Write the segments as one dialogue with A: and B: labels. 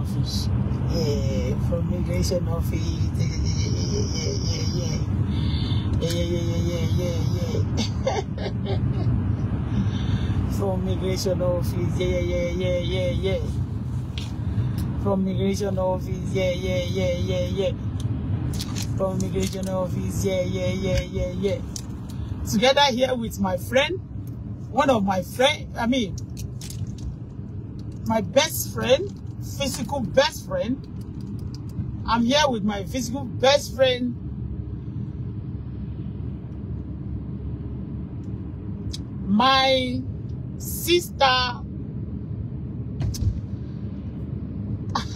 A: office, yeah, from immigration office, yeah, yeah, yeah, yeah, yeah, yeah, yeah, yeah, yeah, yeah, yeah. from immigration office, yeah, yeah, yeah, yeah, yeah. From immigration office, yeah, yeah, yeah, yeah, yeah. From immigration office, yeah, yeah, yeah, yeah, yeah. Together here with my friend, one of my friend, I mean, my best friend, physical best friend. I'm here with my physical best friend. My sister.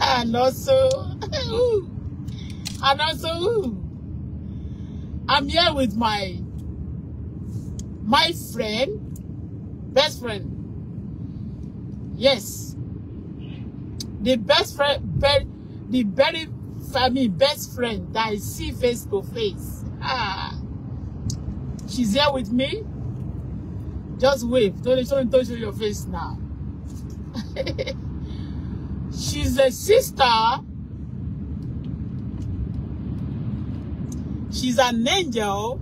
A: And also, and also, I'm here with my, my friend, best friend. Yes. The best friend, be, the very family best friend that I see face to face. Ah. She's here with me. Just wave. Don't, don't, don't show your face now. She's a sister. She's an angel.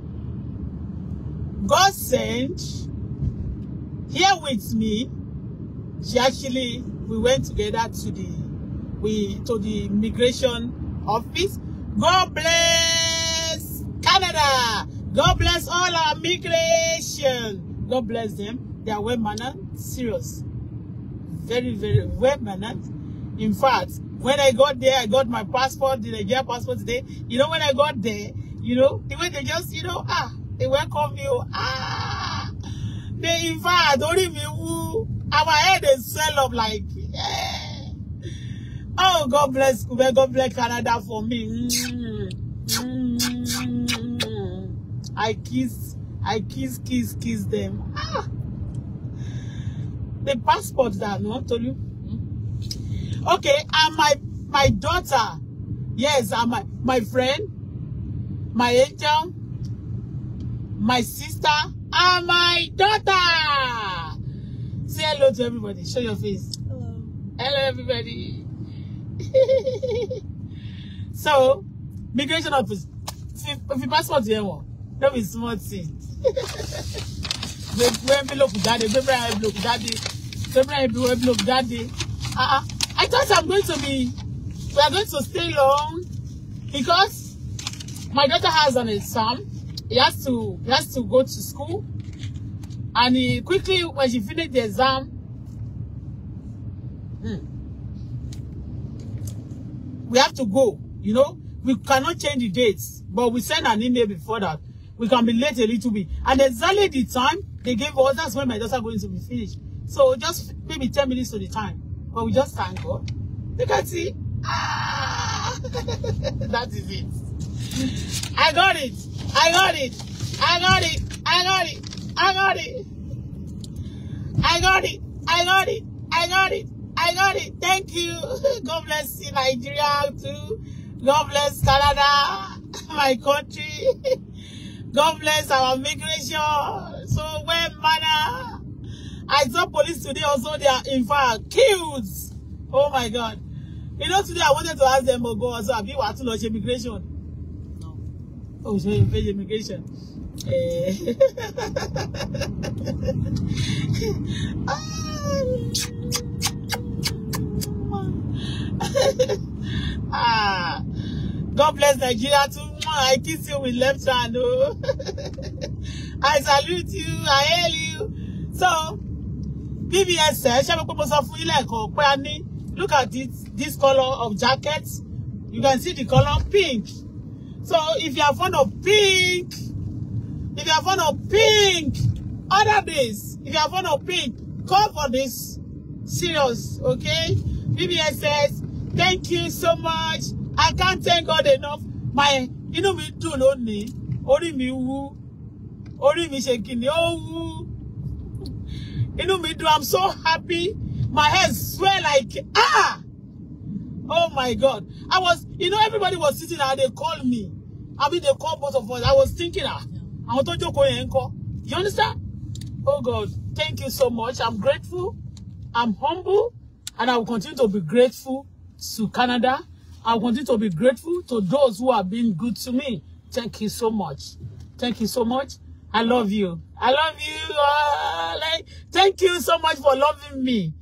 A: God sent here with me. She actually we went together to the we to the immigration office. God bless Canada. God bless all our migration. God bless them. They are well mannered, serious, very very well mannered. In fact, when I got there, I got my passport, the Nigeria passport today. You know, when I got there, you know, the way they just, you know, ah, they welcome you. Ah, they in fact, don't even who. Our head is swell up like oh, God bless Quebec. God bless Canada for me. I kiss, I kiss, kiss, kiss them. Ah. The passports that no, told you. Okay, and my my daughter, yes, and my my friend, my angel, my sister, and my daughter. Say hello to everybody. Show your face. Hello, everybody. so, migration office. If you pass passport here, one, that be small thing. Gbé envelope jáde, gbé envelope jáde, gbé envelope look daddy. Ah, ah. I thought I'm going to be, we are going to stay long because my daughter has an exam. He has to, he has to go to school. And he quickly, when she finished the exam, Hmm. We have to go, you know. We cannot change the dates, but we send an email before that. We can be late a little bit. And exactly the time they gave us, that's when my daughter are going to be finished. So just maybe 10 minutes to the time. But we just thank God. You can see. Ah! that is it. I got it. I got it. I got it. I got it. I got it. I got it. I got it. I got it. I got it. Thank you. God bless you, Nigeria too. God bless Canada, my country. God bless our migration. So where, manner. I saw police today also they are in fact killed. Oh my God. You know today I wanted to ask them oh go. also have you had to launch immigration? No. Oh so you immigration. Eh. ah. ah, God bless Nigeria too. I kiss you with left hand. Oh. I salute you. I hail you. So, BBS, eh, ṣé mo pé mo sọ fún yín lẹ́ẹ̀kan pé look at this, this color of jacket. You can see the color pink. So, if you are fond of pink, if you are fond of pink, other days, if you are fond of pink, call for this serious, okay? BBS says, thank you so much i can't thank God enough my inú mi dùn lónìí orí mi wú orí mi ṣe kìnìún ó wú inú mi dùn i'm so happy my head swell like ah oh my God i was you know everybody was sitting there. they called me i mean they called both of us i was thinking ah àwọn tó jókòó yẹn ń kọ́ you understand oh God thank you so much i'm grateful i'm humble and i will continue to be grateful to Canada. I wanted to be grateful to those who have been good to me. Thank you so much. Thank you so much. I love you. I love you. thank you so much for loving me.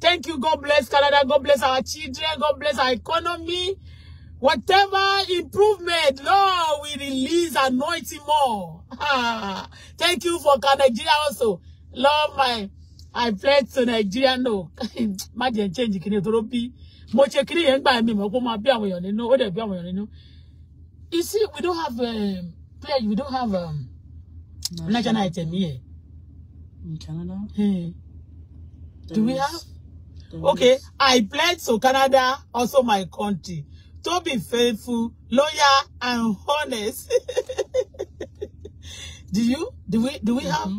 A: Thank you. God bless Canada. God bless our children. God bless our economy. Whatever improvement, Lord, we release anointing more. Thank you for Nigeria also. Lord, my, I pledge to Nigeria. No, imagine change. Can you mo ṣe kiri yẹn gbà mí mọ̀ pé máa bí àwọn èèyàn nínú ó dẹ̀ bí àwọn èèyàn nínú you see we don't have um, pledge we don't have um, no, national item here. in Canada. Hmm. do we have. okay is. I pledge to Canada also my country to be faithful loyal and honest. do you do we do we mm -hmm. have.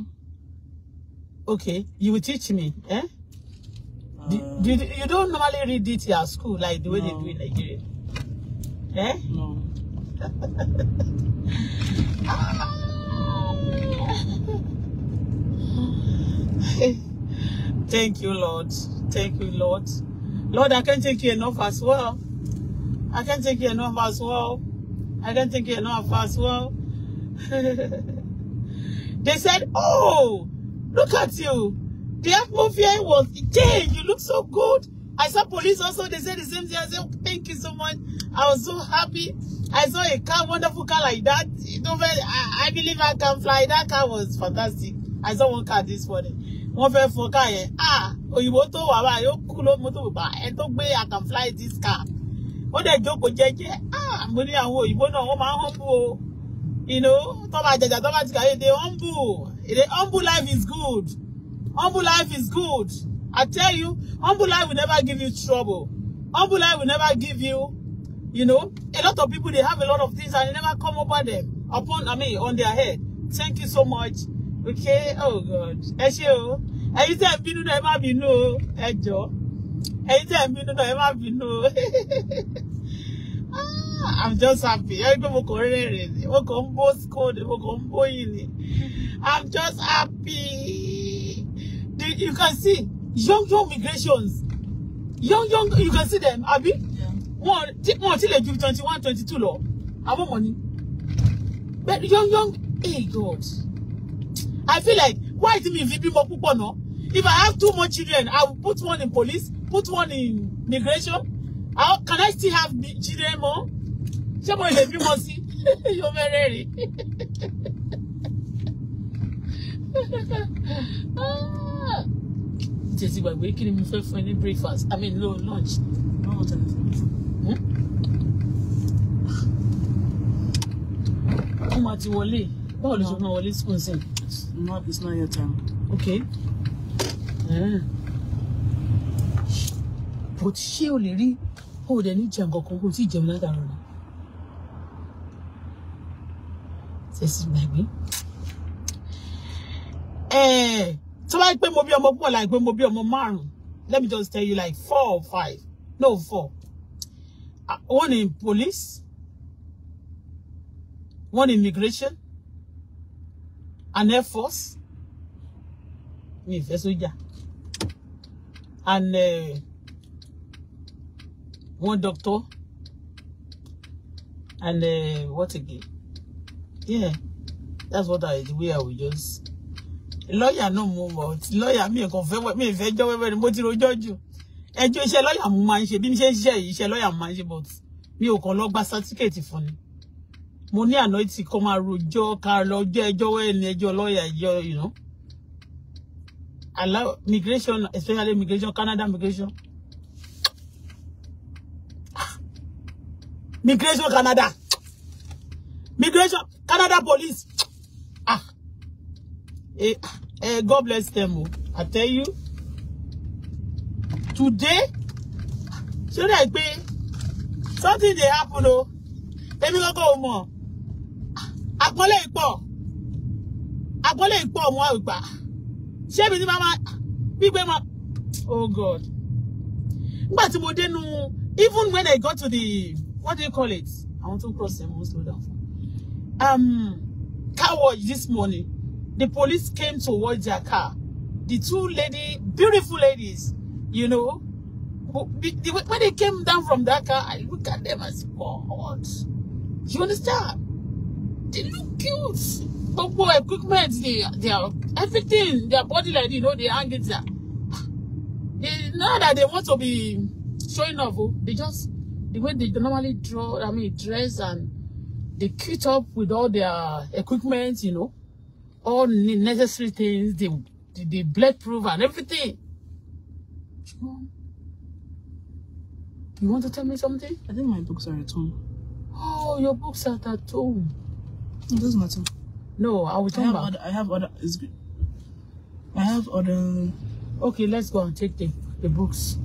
A: okay you will teach me. Eh? Did, did, you don't normally read it at school like the way no. they do in Nigeria. Eh? No. Thank you, Lord. Thank you, Lord. Lord, I can't thank you enough as well. I can't thank you enough as well. I can't thank you enough as well. They said, oh, look at you. The atmosphere was, Jane, you look so good. I saw police also, they said the same thing. I said, oh, thank you so much. I was so happy. I saw a car, wonderful car like that. You know, I, I believe I can fly. That car was fantastic. I saw one car this morning. one fẹ́ fọ car Ah, you tó wà báyìí, ó kú ló mọ́tò bá I can fly this car. Ó dẹ̀ jókòó jẹ́jẹ́. Ah, money ní àwọn òyìnbó náà, wọ́n máa humble You know, tó bá humble. They humble life is good. Humble life is good. I tell you, humble life will never give you trouble. Humble life will never give you, you know, a lot of people, they have a lot of things and it never come over them, upon, I mean, on their head. Thank you so much. Okay, oh God. Ẹ ṣé o. Ẹ̀yin tẹ́ ń bínú náà, ẹ má bínú o. Ẹ jọ̀ọ́. Ẹ̀yin tẹ́ ń bínú náà, ẹ ah, I'm just happy. I'm just happy. They, you can see young, young migrations. Young, young, you can see them, Abi. Yeah. One, one till they give 21, 22 law. About money. But young, young, hey God. I feel like, why do me VP more people no? If I have too much children, I will put one in police, put one in migration. How can I still have children more? Someone let me more see. You're very tètè e gbàgbé kí ni mo fẹ́ fún ẹ ní breakfast i mean no lunch no lunch and food. ó máa ti wọlé báwo ló ṣe máa wọlé sí kòsìn. no it's not your time. okay. Hmm. but ṣé o lè rí o ò dẹ̀ ní jẹun kankan kó o sì jẹun látàrọ̀ ni. tẹ̀sí gbàgbé. ẹ̀ẹ́. Eh, tó like pé mo bí ọmọ púpọ̀ láì pé mo bí ọmọ márùn let me just tell you like four or five no four uh, one in police one in immigration an air force mi ìfẹ́ sójà and uh, one doctor and uh, what again yeah that's what I the way I will just lọ́ọ̀yà náà mo mọ̀ lọ́ọ̀yà mi kàn fẹ́ mi fẹ́ jọ́ wẹ́wẹ́ ni mo ti rojọ́ jù ẹjọ́ iṣẹ́ lọ́ọ̀yà mo máa ń ṣe bí mi ṣe ń ṣiṣẹ́ yìí iṣẹ́ lọ́ọ̀yà mo máa ń ṣe but mi ò kàn lọ gba sátíkẹ̀tì fún ni mo ní àná ti kọ́ máa rojọ́ ká lọ ẹjọ́ wẹ́ẹ́ ni ẹjọ́ lọ́ọ̀yà yọ ìná allow migration especially migration Canada migration ah! migration Canada migration Canada police Eh, eh, God bless them. I tell you. Today, should I be something They happen Let o. Èmi kọ́kọ́ mọ̀. Àpọ́nlé ipò. Àpọ́nlé ipò mo agba. Ṣé bí ti mama bí pé mo Oh God. Nígbà tí mo dénú even when I got to the what do you call it? I want to cross the most slow down. Um coward this morning. the police came towards their car. The two lady, beautiful ladies, you know, when they came down from that car, I look at them and say, what? you understand? They look cute. But oh, boy, equipment, they, they are, everything, their body like, you know, they hang it there. They, not that they want to be showing off, oh, they just, the way they normally draw, I mean, dress and they cute up with all their equipment, you know all necessary things, the, the, the blood proof and everything. You, want to tell me something? I think my books are at home. Oh, your books are at home. It doesn't matter. No, I will I have back. Other, I have other. It's good. I have other. Okay, let's go and take the, the books.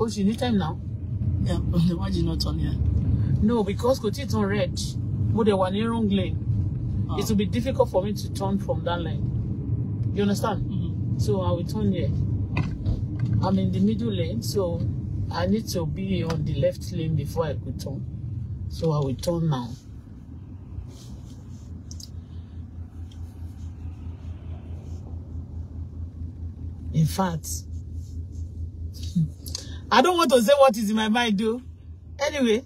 A: Oh, you need time now? Yeah, but why did you not turn here? No, because Koti turned red. But they were near wrong lane. Mm. It will be difficult for me to turn from that lane. You understand? Mm-hmm. So I will turn here. I'm in the middle lane, so I need to be on the left lane before I could turn. So I will turn now. In fact, I don't want to say what is in my mind, though. Anyway,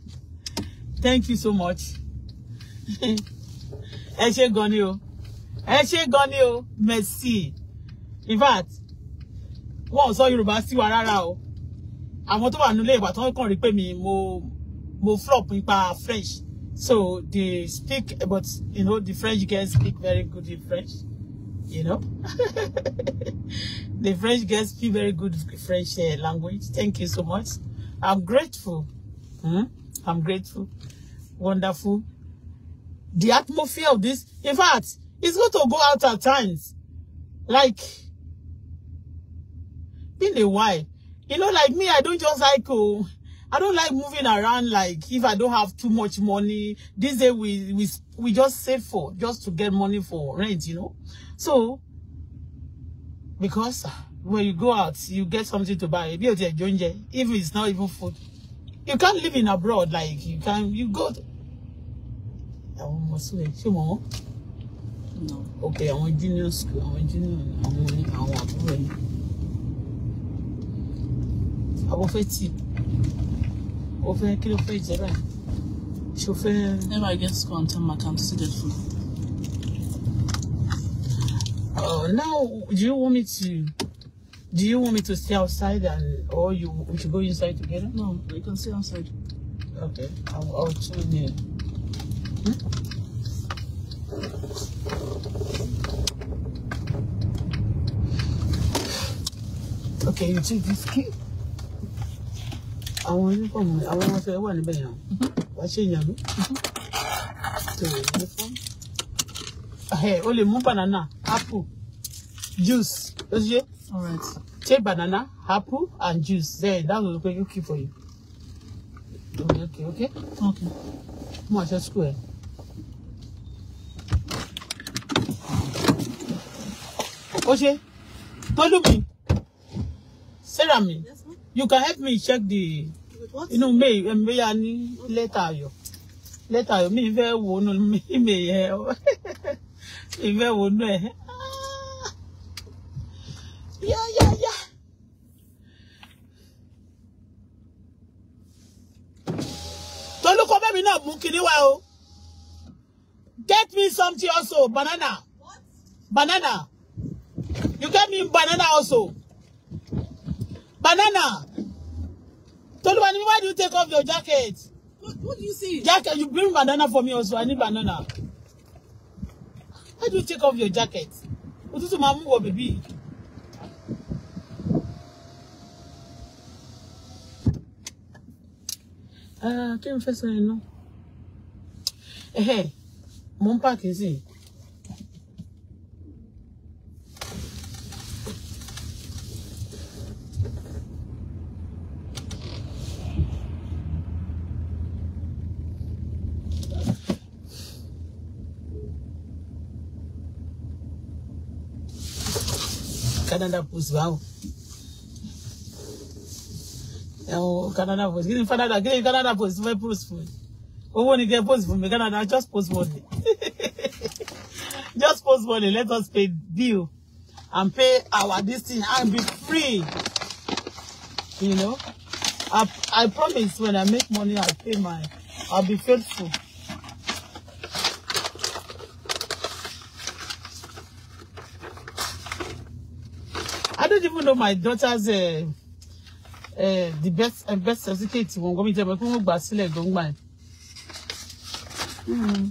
A: thank you so much. ẹ ṣé gan ni o ẹ ṣé gan ni o merci in fact wọn ò sọ yorùbá sí wa rárá o àwọn tó wà nílé ìgbà tó ń kàn rí pé mi mo mo flop nípa french so they speak but you know the french girls speak very good in french you know the french girls speak very good french uh, language thank you so much i'm grateful hmm? i'm grateful wonderful the atmosphere of this. In fact, it's going to go out at times. Like, been a while. You know, like me, I don't just like, oh, I don't like moving around. Like, if I don't have too much money, this day we, we, we just save for, just to get money for rent, you know. So, because when you go out, you get something to buy. If it's not even food, you can't live in abroad. Like, you can, you go, to, àwọn ọmọ sùn yẹn ṣé wọn. ok àwọn junior school àwọn junior àwọn ní àwọn àbúrò yìí. àwọn fẹ́ tì ó fẹ́ kí ló fẹ́ jẹ báyìí ṣó fẹ́. never get school until my account still get full. Uh, now, do you want me to do you want me to stay outside and or you we should go inside together? No, we can stay outside. Okay, I'll, I'll tune in. Okay, you take this key. Àwọn uniform àwọn ọmọ fẹ́ wà níbẹ̀ yẹn. Wà á ṣe ìyàlú. Tèrè uniform. Ẹ o lè mú banana, apple, juice. Ó ṣe yé. Take banana, apple and juice. There, that will be okay for you. Okay, okay. Okay. Mo àṣẹ school ẹ̀. ó ṣe me. sarah me, yes, you can help me check the you know me, me lẹ́tà ayọ̀ lẹ́tà ayọ̀ mi fẹ́ wo inú me me mi me wo inú ẹ̀ yá ah! yá yá. Tolúkọ bẹ́mi náà mú kinní Get me something also banana. What? Banana. You gave me banana also. Banana. Toluwani, why do you take off your jacket? What, what do you see? Jacket, you bring banana for me also. I need banana. Why do you take off your jacket? Òtútù máa mú wọ baby. Uh, kí n fẹ́ sọ yẹn náà? Ẹ̀hẹ̀, mò ń pàkíyèsí. Canada Post báwo. Ẹ̀wọ̀n Canada Post kí ni Canada kí ni Canada Post fẹ́ post fún mi? Owó ni kẹ́ post fún Canada just post money. Just post money let us pay bill and pay our this thing and be free. You know? I, I promise when I make money, I'll pay my, I'll be faithful. even my daughter's uh, uh, the best and uh, best certificate wọn gbọ́ mi jẹ́ pé wọ́n gbà sílẹ̀ gbọ́ngbà ẹ̀. Hmm.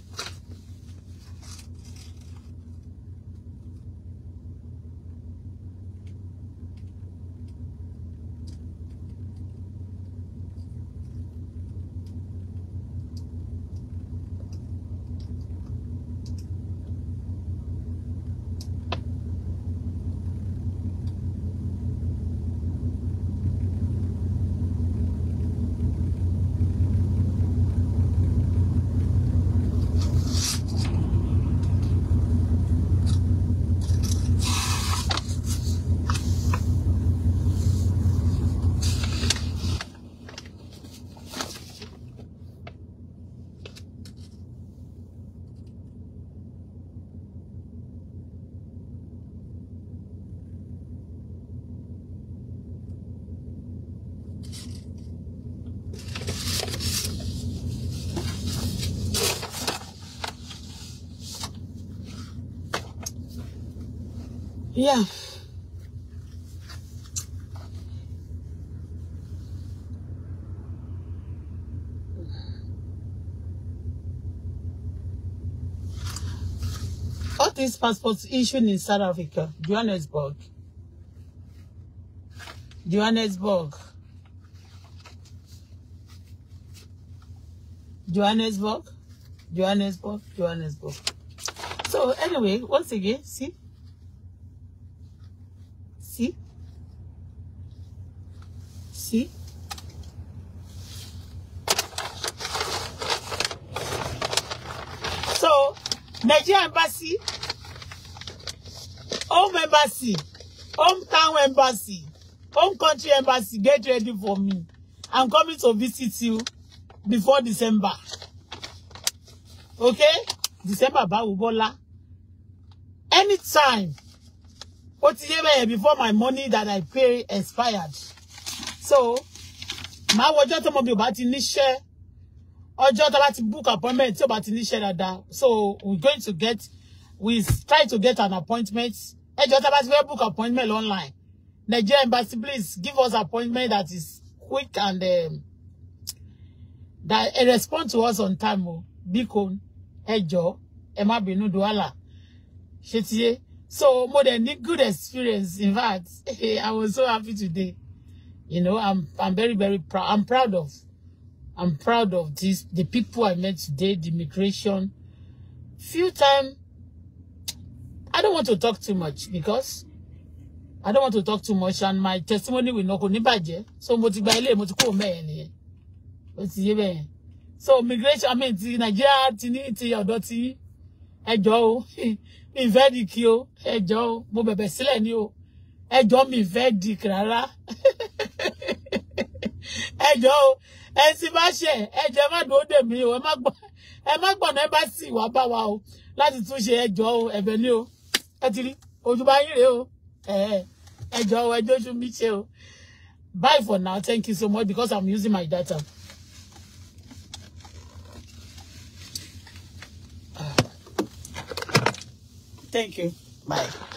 A: Yeah. All these passports issued in South Africa, Johannesburg. Johannesburg. Johannesburg. Johannesburg. Johannesburg. So anyway, once again, see? See? So, Nigeria Embassy, Home Embassy, Hometown Embassy, Home Country Embassy, get ready for me. I'm coming to visit you before December. Okay? December báwo Bọ́lá. Anytime. Ó ti yé bẹ́ẹ̀ before my money that I pay expired so máa wọjọ́ tọmọ mi ò bá ti níṣẹ́ ọjọ́ tó bá ti book appointment tí ò bá ti níṣẹ́ dáadáa so we going to get we try to get an appointment ẹjọ́ tó bá ti book appointment online Nigeria embassy please give us appointment that is quick and um, that uh, respond to us on time o biko ẹjọ́ ẹ má bínú duala ṣe so more than good experience in fact i was so happy today. You know, I'm I'm very very proud. I'm proud of, I'm proud of this. The people I met today, the immigration. Few time. I don't want to talk too much because I don't want to talk too much and my testimony will not go ní bàjẹ́. So mo ti gba ilé mo ti kó mẹ́yẹn nìyẹn. Ó ti yé bẹ́yẹn. So immigration I mean ti Nigeria ti ní ti ọ̀dọ̀ ti ẹjọ́ o mi fẹ́ di kí o ẹjọ́ o mo bẹ̀bẹ̀ sílẹ̀ ni o ẹjọ́ mi fẹ́ di kì rárá. ẹjọ́ o ẹ ti bá ṣe ẹjọ́ ẹ má dúró dè mí o ẹ má gbọ̀nà ẹ bá sì wá bá wa o láti tún ṣe ẹjọ́ o ẹ̀bẹ̀ ni o ẹ ti rí ojú bá yín rèé o ẹjọ́ o ẹjọ́ oṣù mi ṣe o bye for now thank you so much because i'm using my data. Ah. Thank you. Bye.